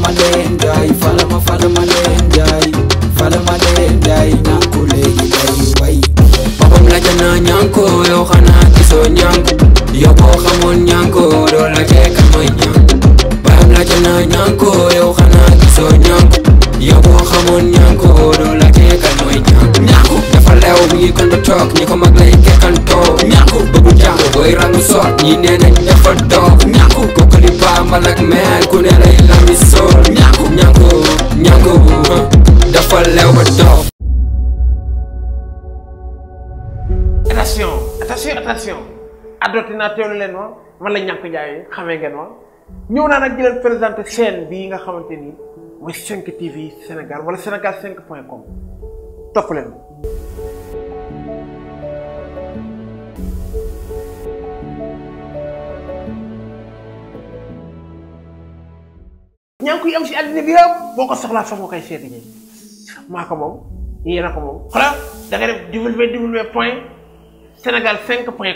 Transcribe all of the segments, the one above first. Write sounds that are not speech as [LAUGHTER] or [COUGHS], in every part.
my name, guy. Follow my, follow my name, guy. Follow my name, guy. Nanko legi day, way. Papa mlaja na nyanko, yo khana kiso nyanko. Yo po khamon nyanko, do la ke kamoy nyanko. Papa mlaja na nyanko, yo khana kiso nyanko. Yo po khamon nyanko, do la ke kamoy nyanko. xew ñi kon do tok ni ko mag lay gekkantoo ñàkku bëggu jàng booy rangu soot ñi nee nañ do doog ko ko li bàmbal ak meel ku ne lay so sool ñàkku ñàkku ñàkku dafa lew ba do attention attention attention addotina teelu leen ma man la ñàkk jaay xamee ngeen ma ñëw naa nag di leen présenter chaîne bi nga xamanteni ni mooy 5 TV Sénégal wala Sénégal 5.com point com topp leen ñaa ngi koy am si àddina boo ko soxlaa foofu nga koy seeti ji maa ko moom yéen moom xoolal da nga def point sénégal 5 point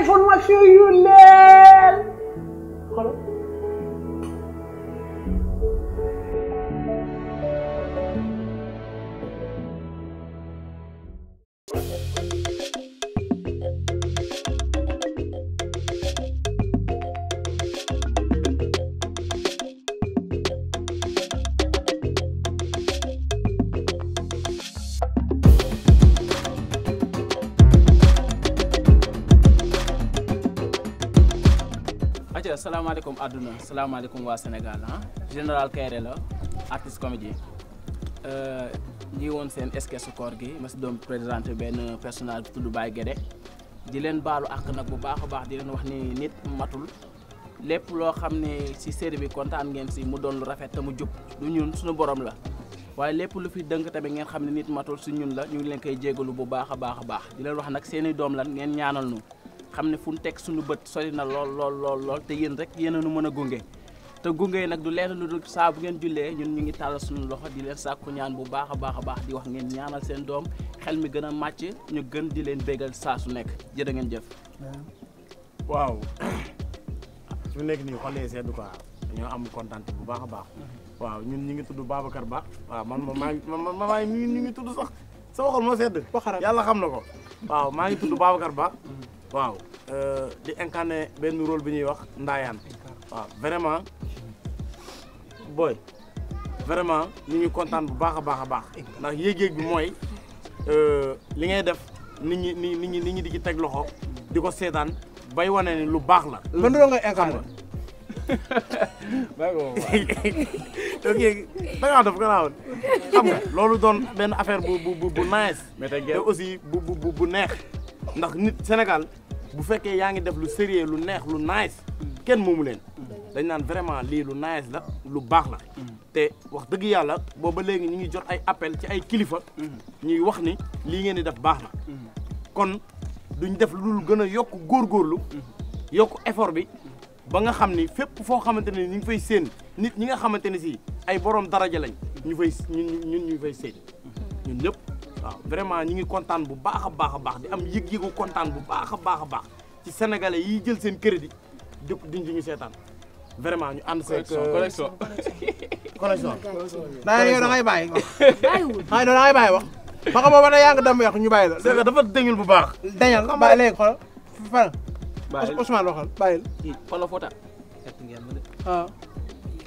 information yu leer aduna àdduna salaamaaleykum wa senegal hein? Ah. général Kairé la artiste comédien euh ñi woon seen sketch koor gi ma ci doon présenter ben personnage tuddou tudd Baye Guédé di len balu ak nak bu baax baax di len wax ni nit matul lépp lo xamné ci si série bi kontaan ngeen ci mu doon lu rafet te mu jub du ñun suñu borom la waye lépp lu fi dënk tamit ngeen xamné nit matul su ñun la ñu ngi leen koy jégalu bu baaxa baaxa baax di len wax nak seeni i doom lan ngeen ñaanal nu xamne fuñ tek suñu bëtt sori na lol lol lol lol te yeen rek yéen nu mëna gungé te gungé nak du leen lu dul saa bu ngeen jullee ñun ñu ngi tal suñu loxo di sa sàkku ñaan bu baaxa baaxa baax di wax ngeen ñaanal seen doom xel mi gëna macc ñu gën di leen bégal sa su nekk jërë ngeen jëf. waaw [COUGHS] su nekk xolé sé du quoi ñu am contente bu baaxa baax. waaw ñun ñi ngi tuddu babakar Ba waaw man ma ma ma ma ngi sax sama xol sedd. xam waaw ma ngi waaw euh, di incarné benn rôle bi ñuy wax ndaayaan waaw vraiment booy vraiment ñu ngi kontaan bu baax a baax a baax ndax yéeg-yéeg bi mooy euh, li ngay def nit ñi nit ñi nit di teg loxo di ko seetaan bay wane ni lu baax la. lan la nga incarné. bàyyi ko ok da ngaa def gannaawoon xam a loolu doon benn affaire bu bu bu mais te aussi bu bu bu neex. ndax nit Sénégal bu fekkee yaa ngi def lu sérieux lu neex lu nice kenn moomu leen dañ naan vraiment lii lu nice la lu baax la te wax dëgg yàlla ba léegi ñu ngi jot ay appel ci ay kilifa ñuy wax ni lii ngeen di def baax na kon duñ def lu gën a yokk góor góorlu yokk effort bi ba nga xam ni fépp foo xamante ne ñu ngi fay seen nit ñi nga xamante ne si ay borom daraja lañ ñu fay ñun ñu fay seen ñun ñëpp waaw vraiment ñi ngi kontaan bu baax a baax a baax di am yëg-yëgu kontaan bu baax a baax a baax ci sénégalais yi jël seen crédit di di ñu seetaan vraiment ñu ànd seeg. connexion connexion connexion. daa yow wax. ba xam ma ne yaa ngi dem bàyyi la. c'est dafa dañul bu baax. dañal bàyyi léegi xool fan. bàyyi Ousmane waxal bàyyi la. kii fan la Fouta.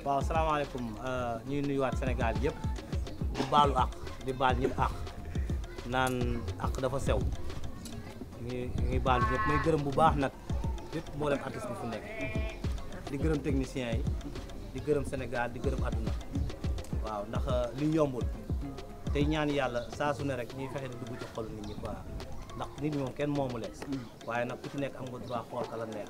waaw. salaamaaleykum euh, ñu ngi nuyuwaat Sénégal yëpp di baalu àq di baal ñëpp àq. naan ak dafa sew ñu ngi baal ñëpp may gërëm bu baax nag yëpp moo dem artiste bi fu nekk di gërëm techniciens yi di gërëm Sénégal di gërëm àdduna waaw ndax euh, li yombul tey ñaan yàlla saa su ne rek ñuy fexe di dugg ci xolu nit ñi quoi ndax nit ñi moom kenn moomu leen waaye nag ku ci nekk am nga droit xool ka la neex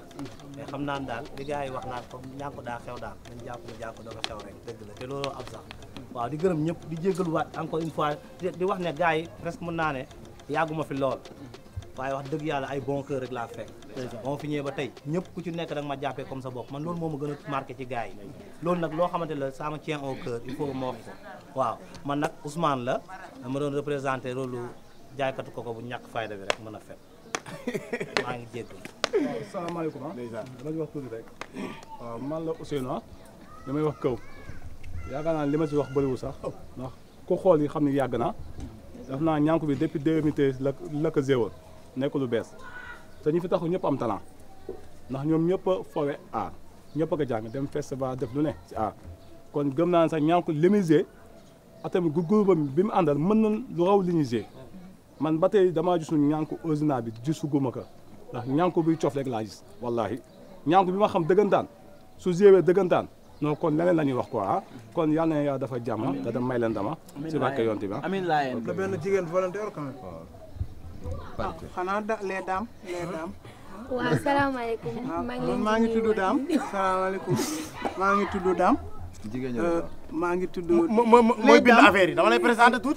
mais xam naan daal di gars yi wax naan comme ñaa ko daa xew daal dañ jàpp ne jàpp dafa xew rek dëgg la te looloo am sax waaw di gërëm ñëpp di jégaluwaat encore une fois di wax ne gars yi presque mën naa ne yàgguma fi lool waaye wax dëgg yàlla ay bon cœur rek laa fekk moom fi ñëwee ba tey ñëpp ku ci nekk da ma jàppee comme sa bopp man loolu moo ma gën a marqué ci gars yi loolu nag loo xamante la ça me tient au cœur il ko waaw man nag Ousmane la ma doon représenté rôle jaaykatu koko bu ñàkk fayda bi rek mën a fet [LAUGHS] maa ngi jégg waaw salaamaaleykum ah dama wax tuuti rek man la Ousseynou ah. damay wax kaw yaakaar naa li ma ci wax bëriwul sax ndax ku xool yi xam ne yàgg na daf naa ñànk bi depuis 2013 la la ko zéwal nekk lu bees te ñu fi taxu ñëpp am talent ndax ñoom ñëpp a fowe aar ñëpp a jàng dem festival def lu ne si aar kon gëm naa sax ñànk li muy zé ak tamit gu groupe bi mu àndal mën na lu raw li ñuy zé man ba tey damaa gisul ñànk original bi gisuguma ko ndax ñànku biy cof rek laa gis wallaahi ñànku bi ma xam dëggantaan su zéwee dëggantaan non kon leneen la wax quoi kon yalla na yàlla dafa jàmm da dem may len dama ah, ci barke yonti ba ah. amin yeen la ben jigen volontaire quand même ah, xanaa da les dames les dames waaw alaykum ma ngi dam daam alaykum ma ngi tuddu dam jigen ñi euh, ma ngi tuddu moy bind affaire yi dama lay présenter tout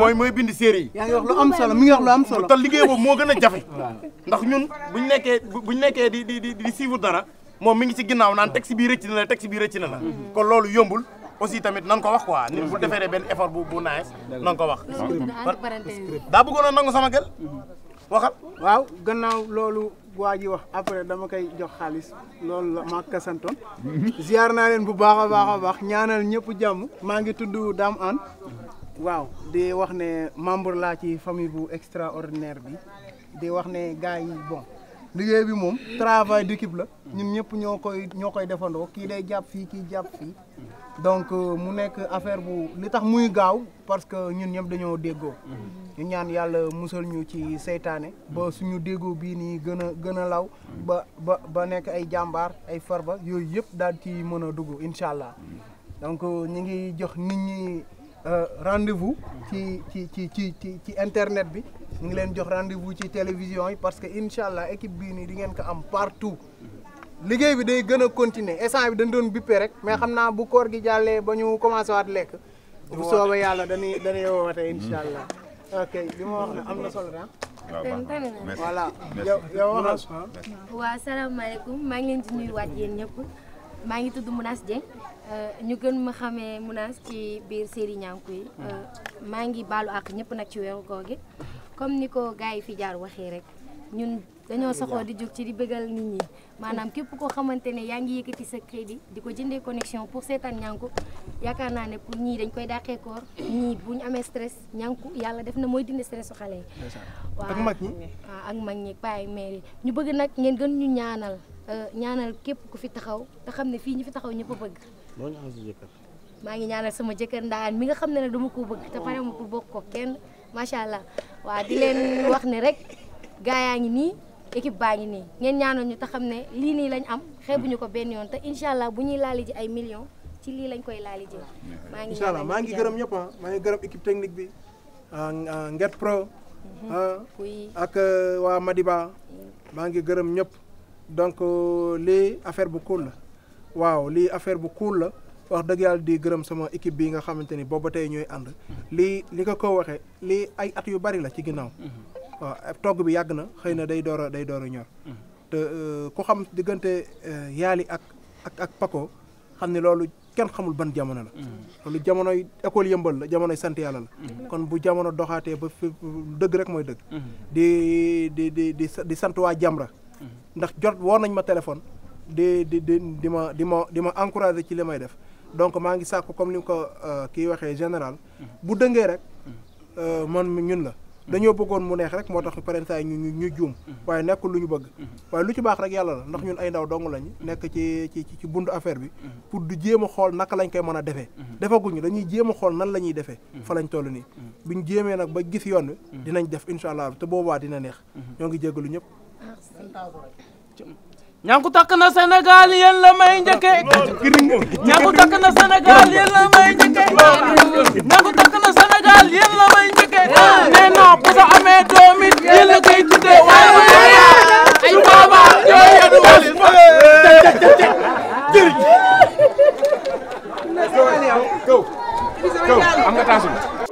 moy moy bind série yi yaa ngi wax lu am solo mi ngi wax lu am solo te liggéey bo mo gëna jafé ndax ñun buñu nekké buñu nekké di di di suivre dara moom mi ngi ci ginnaaw naan taxi bi rëcc na la taxi bi rëcc na la mhm. kon loolu yombul aussi tamit nan ko wax quoi nit bu mhm. defee benn effort bu bu nice nan ko wax daa bëggoon a nangu sama gël mhm. waxal waaw gannaaw loolu waa ji wax après dama koy jox xaalis loolu la maa ko santoon naa leen bu baax a baax ñaanal ñëpp jàmm maa ngi tudd daam an waaw di wax ne membre laa ci famille bu extraordinaire bi di wax ne gaa yi bon liggéey bi moom travail d'équipe la ñun ñëpp ñoo koy ñoo koy defandoo kii day jàpp fii kii jàpp fii donc euh, mu nekk affaire bu li tax muy gaaw parce que ñun ñëpp dañoo déggoo ñu ñaan yàlla musal ñu ci seytaane ba suñu déggoo bii nii gën a gën a law ba ba ba nekk ay jàmbaar ay farba yooyu yëpp daal ci mën a dugg incha allah donc euh, ñu ngi jox nit ñi euh, rendez-vous ci ci ci ci ci internet bi mu ngi leen jox rendez-vous ci télévision yi parce que incha allah équipe bii nii di ngeen ko am partout liggéey bi day gën a continuer instant bi dañ doon bippé rek mais xam naa bu koor gi jàllee ba ñu commencé waat lekk bu soobee yàlla dañuy dañuy woote incha hmm. allah ok li ma wax ne am na solo ah. voilà yow yow wax waaw salaamaaleykum maa ngi leen di nuyuwaat yéen ñëpp maa ngi tudd Mounas Dieng euh, ñu gën ma xamee Mounas ci biir série Ñànku yi maa ngi baalu àkk ñëpp nag ci weeru koor gi comme ni ko gars yi fi jaar waxee rek ñun dañoo saxoo di jóg ci di bëggal nit ñi maanaam képp koo xamante ne yaa ngi yëg ci sa crédit di ko jëndee connexion pour seetaan ñànku yaakaar naa ne pour ñii dañ koy dàqee koor ñii bu ñu amee stress ñànku yàlla def na mooy dindi stress su xale yi. ak mag ñi waaw ak mag ñi ah, paay mairie ñu bëgg nag ngeen gën ñu ñaanal euh, ñaanal képp ku fi taxaw te xam ne fii ñu fi taxaw ñu a bëgg. maa ngi ñaanal sama jëkkër ndaan mi nga xam ne nag dama ko bëgg te pare ma pour bokk ko kenn. macha allah waa di leen wax ne rek gaa yaa ngi nii équipe baa ngi nii ngeen ñaanoon ñu te xam ne lii nii lañ am xeebuñu ko benn yoon te incha allah bu ñuy laali ay millions ci lii lañ koy laali maa ngi incha allah maa ngi gërëm ñëpp ah maa ngi gërëm équipe technique bi ah, Nget mhm. ah, ak euh, waa Madiba maa ngi gërëm ñëpp donc euh, lii affaire bu cool la waaw lii affaire bu cool la wax dëgg yàlla di gërëm sama équipe bi nga xamante ni booba tey ñooy ànd lii li ko ko waxee li ay at yu bari la ci ginnaaw waaw togg bi yàgg na xëy na day door day door a ñor te euh, ku xam diggante euh, yaali ak ak ak xam ne loolu kenn xamul ban jamono la loolu jamonoy école yëmbal la jamonoy sant yàlla la kon bu jamono doxaatee ba fi dëgg rek mooy dëgg di di di di sant waa Jamra ndax jot woo nañ ma téléphone di di di di ma di ma di ma encouragé ci li may def donc maa ngi sàkk comme ni nga ko euh, kii waxee général bu dëngee rek euh, man ñun la dañoo bëggoon mu neex rek moo tax parentaay ñu ñu juum waaye nekkul lu ñu bëgg waaye lu ci baax rek yàlla la ndax ñun ay ndaw dong lañ nekk ci ci ci bundu affaire bi pour du jéema xool naka lañ koy mën a defee defaguñu dañuy jéem a xool nan la ñuy defee fa lañ toll nii buñ jéemee nag ba gis yoon wi dinañ def incha allah te boobaa dina neex ñoo ngi jéggalu ñëpp ñanku takk na Sénégal yéen la may njëkkee. ñanku takk na Sénégal yéen la may njëkkee. ñanku takk na Sénégal yéen la may njëkkee. nee naa bu amee doom it la koy tuddee waaye ay baaba yooyu yadu walit jërëjëf. am nga